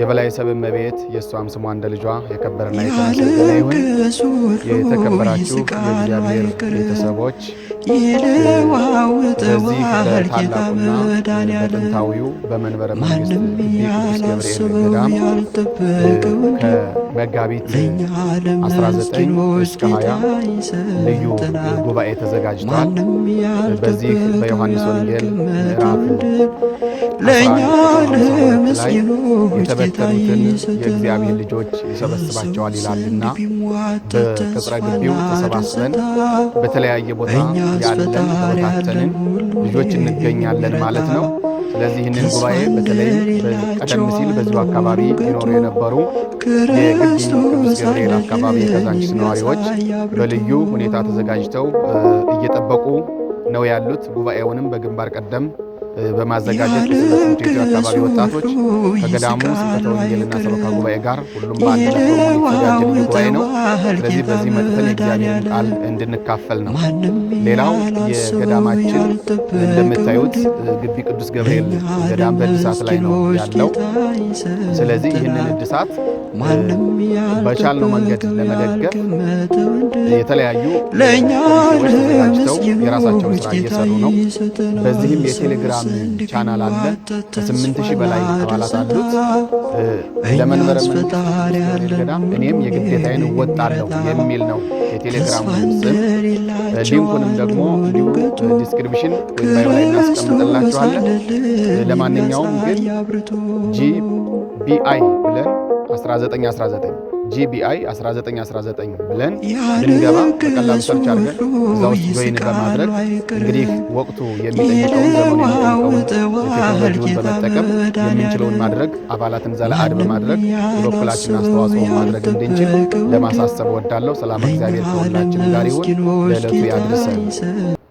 የበላይ ሰብ እመቤት የእሷም ስሟ እንደ ልጇ የከበረና የተመሰገነ ይሁን። የተከበራችሁ የእግዚአብሔር ቤተሰቦች ይለዋውጠዋል ጌታ መድኃኒዓለም ማንም ያላሰበው ያልጠበቀውን መጋቢት ለእኛ ለምስኪኖች ጌታ ይሰጠናል። ጉባኤ ተዘጋጅቷል። በዚህ በዮሐንስ ወንጌል ለእኛ ለምስኪኖች ጌታ የእግዚአብሔር ልጆች ይሰበስባቸዋል ይላልና በቅጥረ ግቢው ተሰባስበን በተለያየ ቦታ ያለን ልጆች እንገኛለን ማለት ነው። ስለዚህ ይህንን ጉባኤ በተለይ ቀደም ሲል በዚሁ አካባቢ ይኖሩ የነበሩ የግቢ አካባቢ የካዛንቺስ ነዋሪዎች በልዩ ሁኔታ ተዘጋጅተው እየጠበቁ ነው ያሉት። ጉባኤውንም በግንባር ቀደም በማዘጋጀት አካባቢ ወጣቶች ከገዳሙ ስብከተ ወንጌልና ሰበካ ጉባኤ ጋር ሁሉም በአንድነት ጉባኤ ነው። ስለዚህ በዚህ መጥተን የእግዚአብሔርን ቃል እንድንካፈል ነው። ሌላው የገዳማችን እንደምታዩት ግቢ ቅዱስ ገብርኤል ገዳም በእድሳት ላይ ነው ያለው። ስለዚህ ይህንን እድሳት በቻልነው መንገድ ለመደገፍ የተለያዩ ለእኛ ተዘጋጅተው የራሳቸውን ስራ እየሰሩ ነው። በዚህም የቴሌግራም ቴሌግራም ቻናል አለ። ከስምንት ሺህ በላይ አባላት አሉት። ለመንበረ ገዳም እኔም የግዴታዬን እወጣለሁ የሚል ነው የቴሌግራም ስም። ሊንኩንም ደግሞ እንዲሁ ዲስክሪፕሽን ወይም ላይ እናስቀምጥላችኋለን። ለማንኛውም ግን ጂ ጂቢአይ ብለን 1919 ጂቢአይ 1919 ብለን ብንገባ በቀላሉ ሰርች አድርገን እዛ ውስጥ ጆይን በማድረግ እንግዲህ ወቅቱ የሚጠይቀውን ዘመኑ የሚጠይቀውን በመጠቀም የምንችለውን ማድረግ አባላትን ዘለአድ በማድረግ የበኩላችንን አስተዋጽኦ ማድረግ እንድንችል ለማሳሰብ ወዳለው። ሰላም እግዚአብሔር ከሁላችን ጋር ይሁን። ለዕለቱ ያድርሰን።